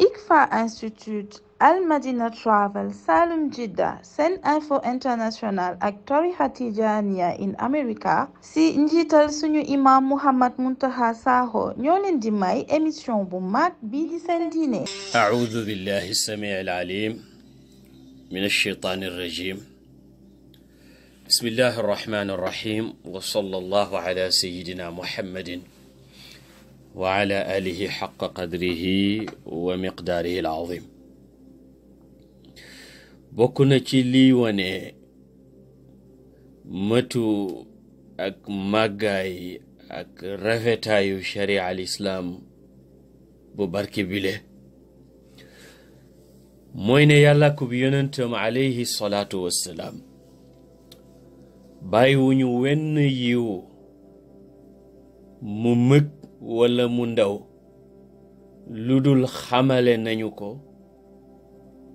ICFA Institute Al Madina Travel Salum Jidda Sen Info International ak tarixa Tijaaniya in America si njiital suñu imam Muhammad Muntaha Sakho ñoo leen di may émission bu mag bii di seen diine audu billahi samii alalim min alsheytaan arrajim bismillahi arrahmani arrahim wa sallallahu ala sayidina muhammadin wa ala alihi xaqa qadrihi wa miqdaarihi alazim bokk na ci liy wane mëtu ak màggaay ak rafetaayu sharia al islaam bu barke bile mooy ne yàlla ko bi yonentam alayhi salaatu wassalaam bàyyi wu ñu wenn yiw mu mëkk walla mu ndaw lu dul xamale nañu ko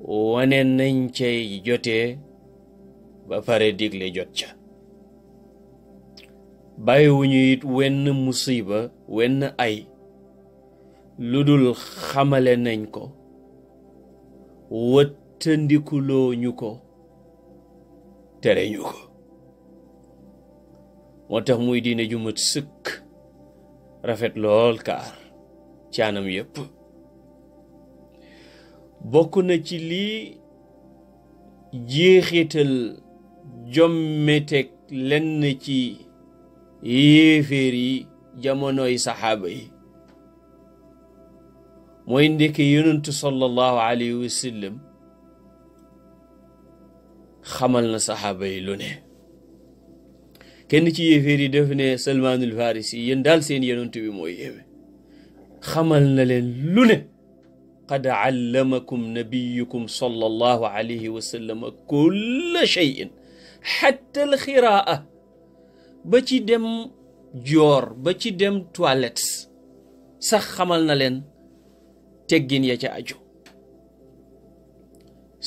wane nañ cay jotee ba pare digle jot ca bàyyiwuñu it wenn musiba wenn ay lu dul xamale nañ ko wëttandikuloo ñu ko tere ñu ko moo tax muy diine ju mat sëkk rafet lool ka ci anam yépp bokk na ci lii jeexital jommeteeg lenn ci yéeféer yi jamonoy saxaaba mooy ndekke yonentu sallallahu alayhi wa sallam xamal na saxaaba lu ne kenn ci yéeféer yi def ne salmaanul daal seen yonent bi mooy yéeme xamal na leen lu ne qad allamakum nabiyukum sallallahu alayhi wa sallam kulla cheyin xatta alxiraa ba ci dem joor ba ci dem toilette sax xamal na leen teggin ya ca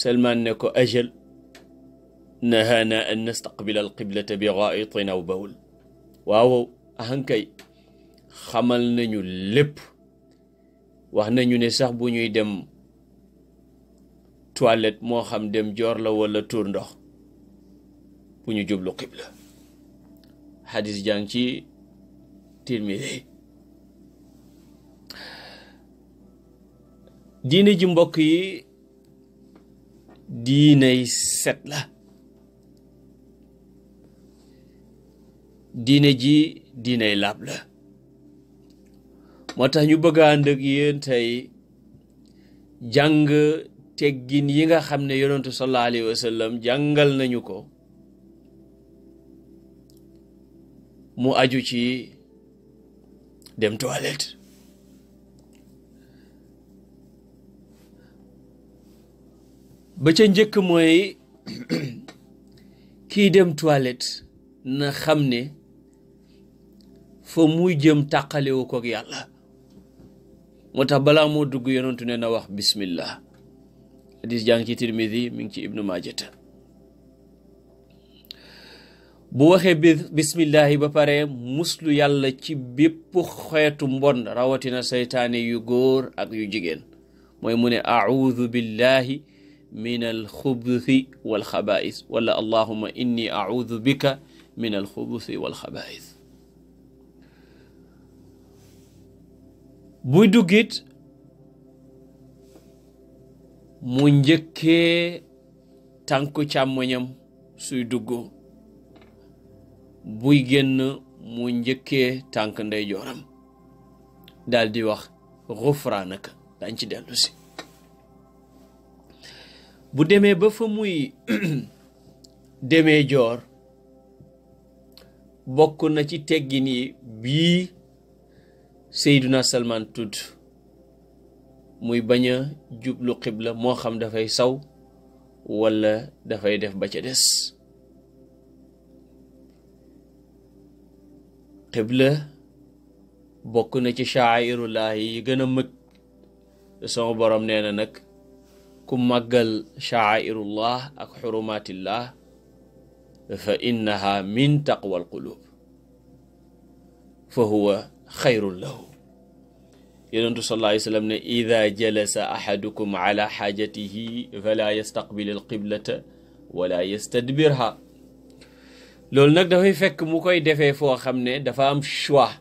salmaan ne ko ajal nahaana an nastaqbila alqiblata bi gaitin aw bawl waaw ahankay xamal nañu lépp wax nañu ni sax bu ñuy dem toilette moo xam dem joor la wala tuur ndox bu ñu jublu qibla xadis jàng ci Tirmidi diine ji mbokk yi diiney set la diine ji diiney laab la moo tax ñu bëgg a ànd ak tey jàng teggin yi nga xam ne yonentu sallallahu alayhi wa jàngal nañu ko mu aju ci dem toilette ba ca njëkk mooy kiy dem toilette na xam ne fa mu jëm tàqalewu ko ak moo tax balaa moo dugg yonentu ne na wax bismillah hadis jàng ci tirmidi mi ngi ci ibnu majata bu waxee bi bismillahi ba pare muslu yàlla ci bépp xeetu mbon rawatina seytaane yu góor ak yu jigéen mooy mu ne audu billahi min alxubuthi walxabais wala allahuma buy duggit mu njëkkee tànku càmmoñam suy dugg buy génn mu njëkkee tànk ndeyjooram daldi wax xufraanaka dañ ci dellu bu demee ba fa muy demee joor bokk na ci teggin bii Seydina Salman tudd muy bañ a jublu xibla moo xam dafay saw wala dafay def ba ca des xibla bokk na ci shaa'irullah yi gën a mëg sama borom nee na nag ku màggal shaa'irullah ak xurumatillah fa innaha min taqwa alqulub fa huwa xayrun lahu yonentu sallallahu alayhi wa sallam ne ida jalasa ahadukum ala xaajatihi fala yastaqbil alqiblata wala yastadbirha loolu nag dafay fekk mu koy defee foo xam ne dafa am choix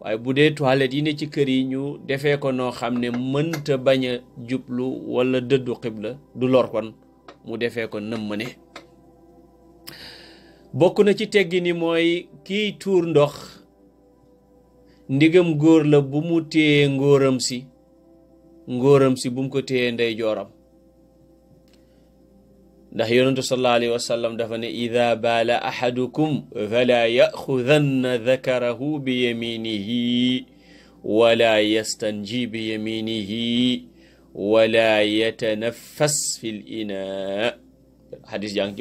waaye bu dee toilette yi ne ci kër yi ñu defee ko noo xam ne mënta bañ jublu wala dëddu xibla du lor kon mu defee ko nam mëne bokk na ci teggi ni mooy kiy tuur ndox ndigam góor la bu mu téyee ngóoram si ngóoram si bu mu ko téyee ndeyjooram ndax yonentu sallallahu dafa ne ida baala ahadukum fala yaxudanna dakarahu bi yaminihi wala yastanji bi yaminihi wala yatanafas fi l ina xadis jàng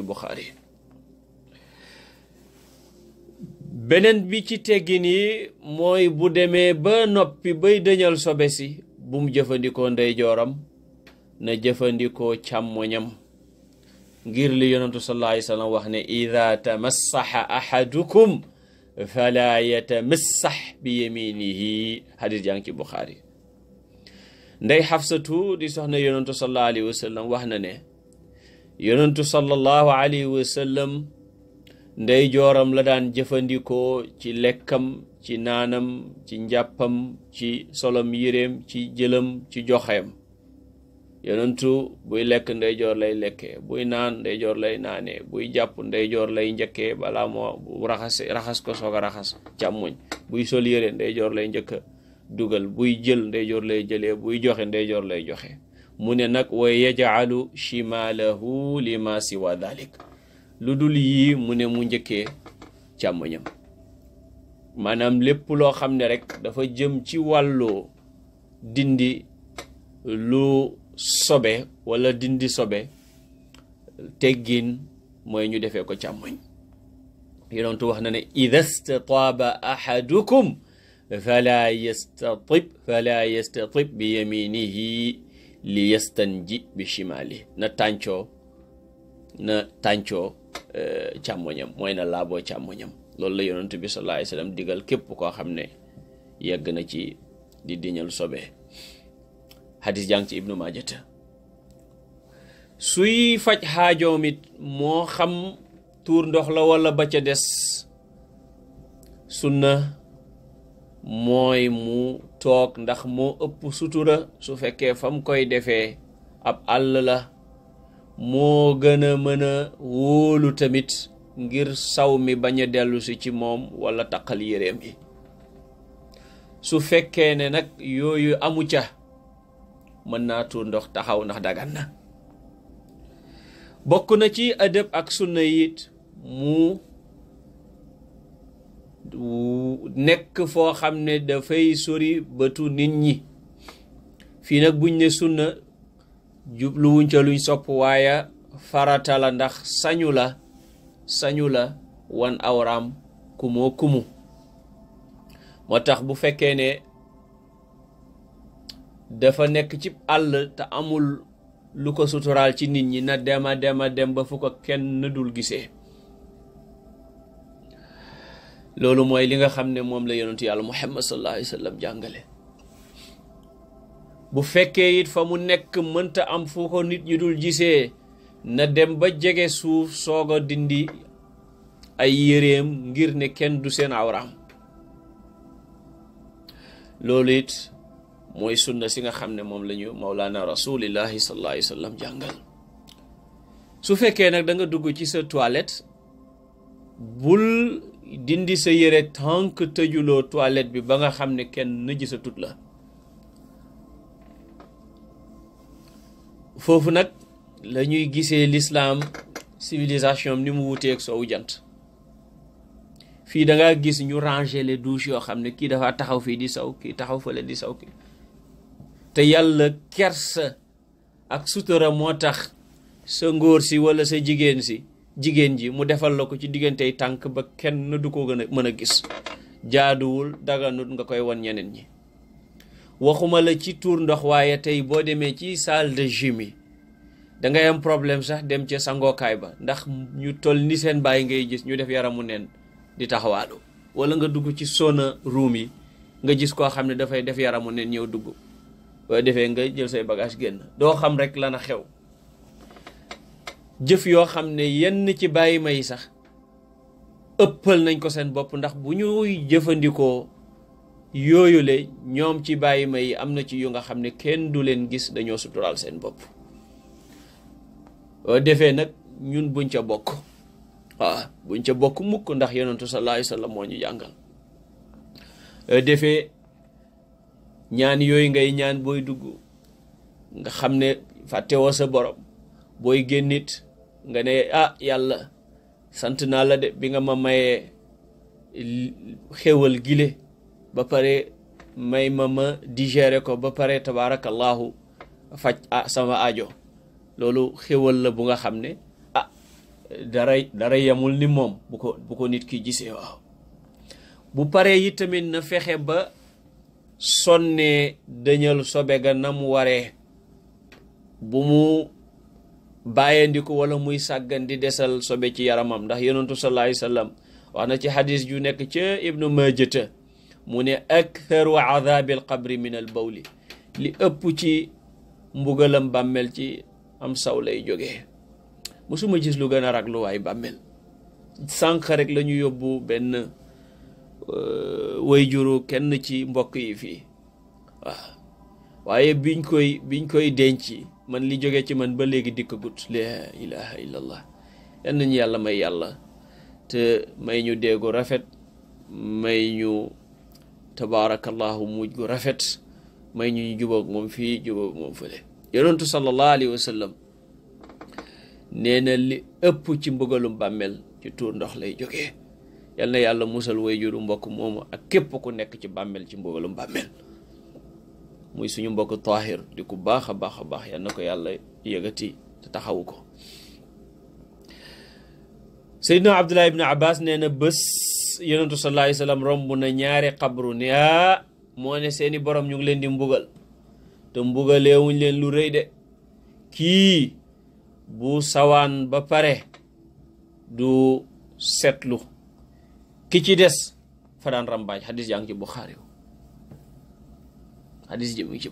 beneen bi ci teggin yi mooy bu demee ba noppi bay dëñal sobe si bu mu jëfandikoo ndeyjooram na jëfandikoo càmmoñam ngir li yonentu sallallahu alayhi wasallam wax ne ida tamassaxa ahadukum fala yatamassax bi yaminihi xadis jàng ci ndey xafsatu di soxna na sallallahu alayhi wasallam wax na ne yonentu ndey jooram la daan jëfandikoo ci lekkam ci naanam ci njàppam ci solom yéreem ci jëlam ci joxeem yonentu buy lekk ndey joor lay lekkee buy naan ndey joor lay naanee buy jàpp ndey joor lay njëkkee balaa moo raxas raxas ko soog a raxas càmmoñ buy sol yére ndey joor lay njëkk dugal buy jël ndey joor lay jëlee buy joxe ndey joor lay joxe mu ne nag wa yajcalu chimaalahu lima siwa dalik lu dul yii mu ne mu njëkkee càmmoñam maanaam lépp loo xam ne rek dafa jëm ci wàllu dindi lu sobe walla dindi sobe teggin mooy ñu defee ko càmmoñ yonentu wax na ne ida stataaba ahadukum fala yastatib fala yastatib bi yaminihi li yastanji bi shimali na tàncoo na tàncoo Eh, càmmoñam mooy na laaboo càmmoñam loolu la yonent bi sallallahu alayhi wasallam digal képp koo xam ne yegg na ci di diñal sobe xadis jàng ci ibnu majata suy faj xaajoom it moo xam tuur ndox la wala ba ca des na mooy mu toog ndax moo ëpp sutura su fekkee fa mu koy defee ab àll la moo gën a mën wóolu tamit ngir saw mi bañ a dellusi ci moom walla taqal yéreem yi su fekkee ne nag yooyu amu ca mën naa tuur ndox taxaw ndax dagan na bokk na ci adab ak sunna it mu nekk foo xam ne dafay sori bëtu nit ñi fii nag buñ ne sunna jubluwuñ ca luñ sopp waaye farata la ndax sañula sañula wan awraam kumoo kumu moo tax bu fekkee ne dafa nekk ci àll te amul lu ko suturaal ci nit ñi na dema dema dem ba fu ko kenn dul gisee loolu mooy li nga xam ne moom la yonentu yàlla muhammad sallallahu alayhi wa sallam jàngale bu fekkee it fa mu nekk mënta am fu ko nit ñi dul gisee na dem ba jege suuf soog a dindi ay yéreem ngir ne kenn du seen awraam loolu it mooy sunna si nga xam ne moom lañu ñu mawlaana rasulillahi sallallahu alayhi wa su fekkee nag danga dugg ci sa toilette bul dindi sa yére tànk tëjuloo toilette bi ba nga xam ne kenn nëjisatut la foofu nag la ñuy gisee lislaam civilisation ni mu wuteeg soowu jant fii da ngaa gis ñu ranger les douches yoo xam ne kii dafa taxaw fii di saw kii taxaw leen di saw kii te yàlla kersa ak sutura moo tax sa ngóor si wala sa jigéen si jigéen ji mu defal la ko ci diggantey tànk ba kenn du ko gën a mën a gis jaaduwul daganut nga koy wan ñeneen ñi waxuma la ci tuur ndox waaye tey boo demee ci salle de gym yi da ngay am problème sax dem ca sangookaay ba ndax ñu toll ni seen bàyyi ngay gis ñu def yaramu neen di taxawaalu wala nga dugg ci sauna room yi nga gis koo xam ne dafay def yaramu neen ñëw dugg boo defee nga jël say bagage génn doo xam rek lana xew jëf yoo xam ne yenn ci bàyyi ma yi sax ëppal nañ ko seen bopp ndax bu ñuy jëfandikoo yooyu le ñoom ci bàyyi ma yi am na ci yu nga xam ne kenn du leen gis dañoo suturaal seen bopp defee nag ñun buñ ca bokk waaw buñ ca bokk mukk ndax yonentu sa alayhi sa sallam moo ñu jàngal ñaan yooyu ngay ñaan booy dugg nga xam ne fàtte wa sa borom booy nit nga ne ah yàlla sant naa la de bi nga ma mayee xéwal gile ba pare may ma ma digéré ko ba pare tabaarakallaahu faj ah, sama ajo loolu xéwal la bu nga xam ne ah dara dara yamul ni moom bu ko bu ko nit ki gisee waaw bu paree yi tamit na fexe ba sonnee dañal sobe ga na mu waree bu mu bàyyandiku wala muy sàggan di desal sobe ci yaramam ndax yonentu sallallahu alayhi wasallam wax na ci xadis ju nekk ca ibnu majata mu ne aktharu aadaabi alqabri min al bawli li ëpp ci mbugalam bàmmeel ci am saw lay jógee musuma gis lu gën a ragluwaay bàmmel sànq rek la ñu yóbbu benn euh, way kenn ci mbokk yi fii waaw waaye biñ koy biñ koy denc man li jóge ci man ba léegi dikkagut laa ilaha illa allah yal yàlla may yàlla te may ñu déegu rafet may ñu tabaarakallahu mujj gu rafet may ñu jubóog moom fii jubóog moom fële yonentu sallallahu alayhi wa sallam nee li ëpp ci mbëgalum bàmmeel ci tuur ndox lay jógee yal na yàlla musal way juru mbokk moomu ak képp ku nekk ci bàmmeel ci mbëgalum bàmmeel muy suñu mbokk taahir di ku baax a baax a baax yal na ko yàlla yégati te taxawu ko seydina abdullah ibn abbas nee na yonentu sallallahu alayhi wa sallam romb na ñaari xabru ne ah moo ne seeni borom ñu ngi leen di mbugal te mbugaleewuñ leen lu rëy de kii bu sawaan ba pare du seetlu ki ci des fa daan rambaaj xadis yaa ci Buxaari wu xadis ji mu ngi ci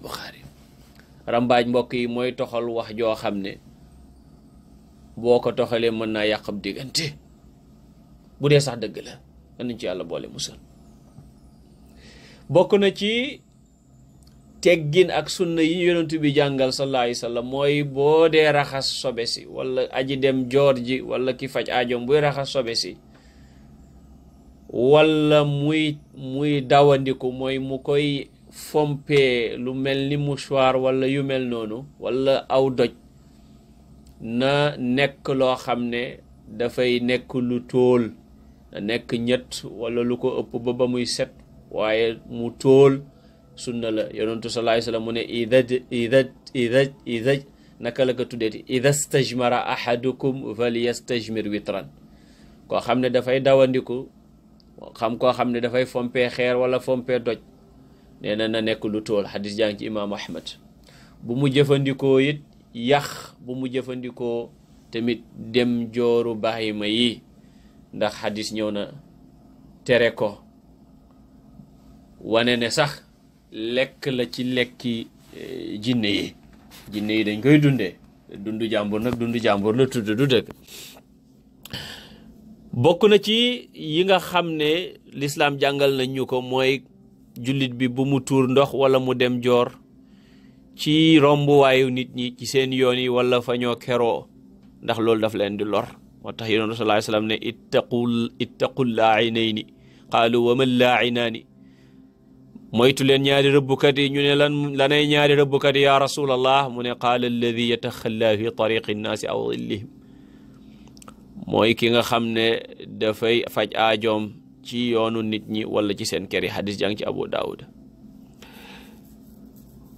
rambaaj mbokk yi mooy toxal wax joo xam ne boo ko toxalee mën naa yàq diggante bu dee sax dëgg la nañ ci yàlla boole musal bokk na ci teggin ak sunna yi yonent bi jàngal sallallahu alayhi mooy boo dee raxas sobe si wala aji dem joor ji wala ki faj ajoom buy raxas sobe si wala muy muy dawandiku mooy mu koy fompee lu mel ni mouchoir walla yu mel noonu wala aw doj na nekk loo xam ne dafay nekk lu tóol nekk ñett wala lu ko ëpp ba ba muy set waaye mu tóol sunna la yonentu sallallahu alayhi wasallam mu ne idaj idaj idaj idaj naka la ko tuddeeti ida stajmara ahadukum falyastajmir witran koo xam ne dafay dawandiku xam koo xam ne dafay fompee xeer wala fompee doj nee na na nekk lu tóol xadis jàng ci imaam ahmad bu mu jëfandikoo it yax bu mu jëfandikoo tamit dem jooru baxima yi ndax xadis ñëw na tere ko wane ne sax lekk la ci lekki eh, jinne yi jinne yi dañ koy dunde dundu jàmbur nag dundu jàmbur la tudd du dëgg bokk na ci yi nga xam ne lislaam jàngal nañ ñu ko mooy jullit bi bu mu tuur ndox wala mu dem joor ci rombuwaayu nit ñi ci seen yoon yi wala fa ñoo keroo ndax loolu daf leen di lor moo tax yonent sallallahu alayhi wasallam ne ittaqul ittaqul laainayni qaalu wa man laainaani moytu leen ñaari rëbbukat yi ñu ne lan lanay ñaari rëbbukat yi yaa rasulallah mu ne qaala alladi yataxalla fi tariqi nnaasi aw dillihim mooy ki nga xam ne dafay faj aajoom ci yoonu nit ñi wala ci seen kër yi xadis jàng ci abu daawud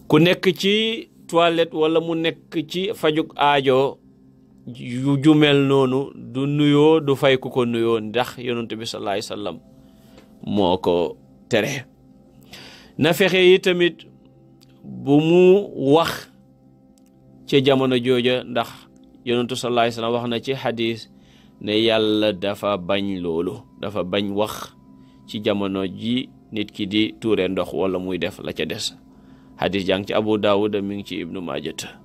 ku nekk ci toilette wala mu nekk ci fajuk aajo ju mel noonu du nuyoo du fay ku ko nuyoo ndax yonent bi sallallahu alayhi wasallam moo ko tere na fexe yi tamit bu mu wax ci jamono jooja ndax yonentu sallallahu alayhi wax na ci xadis ne yàlla dafa bañ loolu dafa bañ wax ci jamono ji nit ki di tuure ndox wala muy def la ca des xadis jàng ci Abu Dawud mi ngi ci Ibnu Majah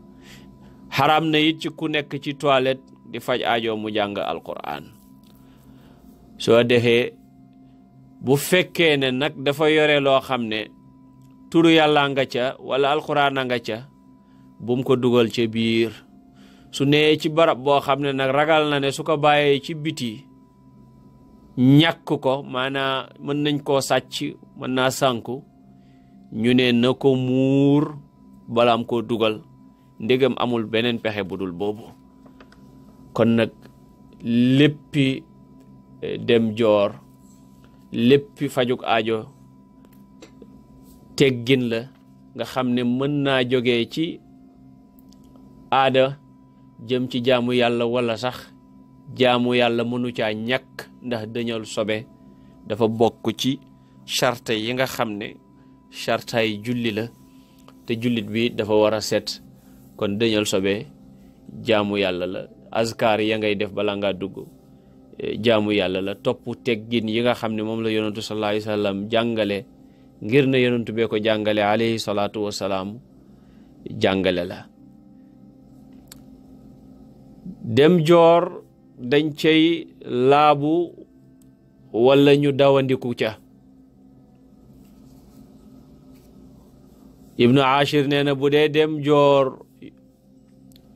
xaram na it ci ku nekk ci toilette di faj aajo mu jàng alquran soo defee bu fekkee ne nag dafa yore loo xam ne turu yàlla nga ca wala alxuraan a nga ca bum ko dugal ca biir su nee ci barab boo xam ne nag ragal na ne su ko bàyyee ci biti ñàkk ko maanaa mën nañ koo sàcc mën naa sànku ñu ne na ko muur balaam koo dugal ndegam amul beneen pexe bu dul boobu kon nag léppi eh, dem joor léppi fajuk ajo teggin la nga xam ne mën naa jógee ci aada jëm ci jaamu yàlla walla sax jaamu yàlla mënu caa ñàkk ndax dañal sobe dafa bokk ci charte yi nga xam ne chartaay julli la te jullit bi dafa war a set kon dëñal sobe jaamu yàlla la azkaar ya ngay def bala ngaa dugg e, jaamu yàlla la topp teggin yi nga xam ne moom la yonentu sallallahu alayhi jàngale ngir na yonentu bee jàngale alayhi salaatu wasalaam jàngale la dem joor dañ cey laabu wala ñu dawandiku ca ibnu ashir nee bu dee dem joor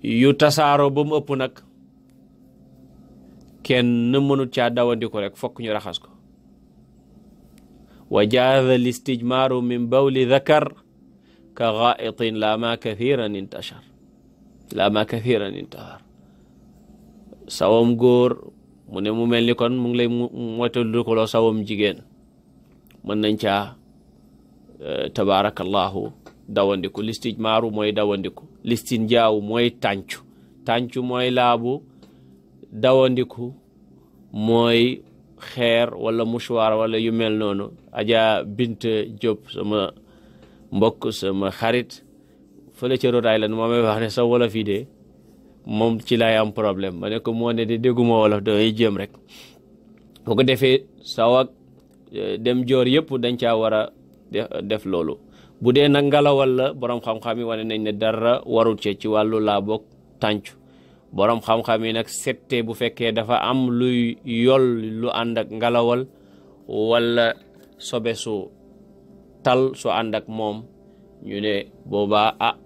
yu tasaaroo ba mu ëpp nag kenn mënut caa dawandiku rek fokk ñu raxas ko wa jaaza listijmaaru min bawli dakar ka gaitin laa ma kathiran intashar sawam góor mu ne mu mel ni kon mu ngi lay sawam jigéen mën nañ caa eh, tabaarakallahu dawandiku listijmaaru mooy dawandiku listin jaaw mooy tàncu tàncu mooy laabu dawandiku mooy xeer wala mouchoir wala yu mel noonu ajaa Bint Diop sama mbokk sama xarit fële ca Rhode Island moo may wax ne sa wolof yi de moom ci laay am problème ba ne ko moo ne de dégguma wolof damay jéem rek bu ko defee saw eh, dem joor yëpp dañ caa war a def loolu bu dee nag ngelawal la borom xam-xam yi wane nañ ne dara warul ci ci wàllu laa boog tàncu borom xam-xam yi nag sette bu fekkee dafa am luy yol lu ànd ak ngelawal wala sobe su tal su ànd ak moom ñu ne boobaa a ah,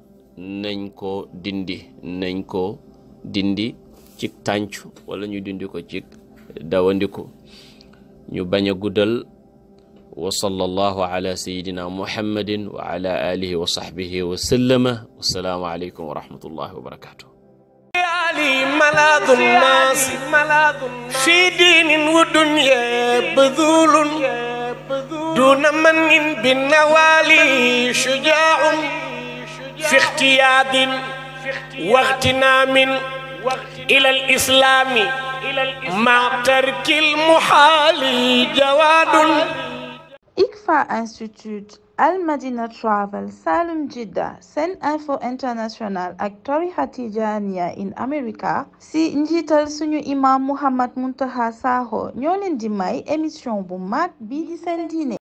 nañ ko dindi nañ ko dindi ci tànc wala ñu dindi ko ci dawandiku ñu bañ a guddal wa sallallahu ala sayidina muhammadin wa ala alihi wa sahbihi wa sallama wassalaamu aleykum wa rahmatullahi wa barakatuh ملاذ الناس في دين ودنيا بذول دون من بالنوالي شجاع في اختياد واغتنام إلى الإسلام مع ترك المحال جواد ICFA Institute Al Madina Travel Salum Jidda Sen Info International ak tarixa Tijaaniya in America si njiital suñu imam Mouhammad Muntaqa Sakho ñoo leen di may émission bu mag bi di seen diine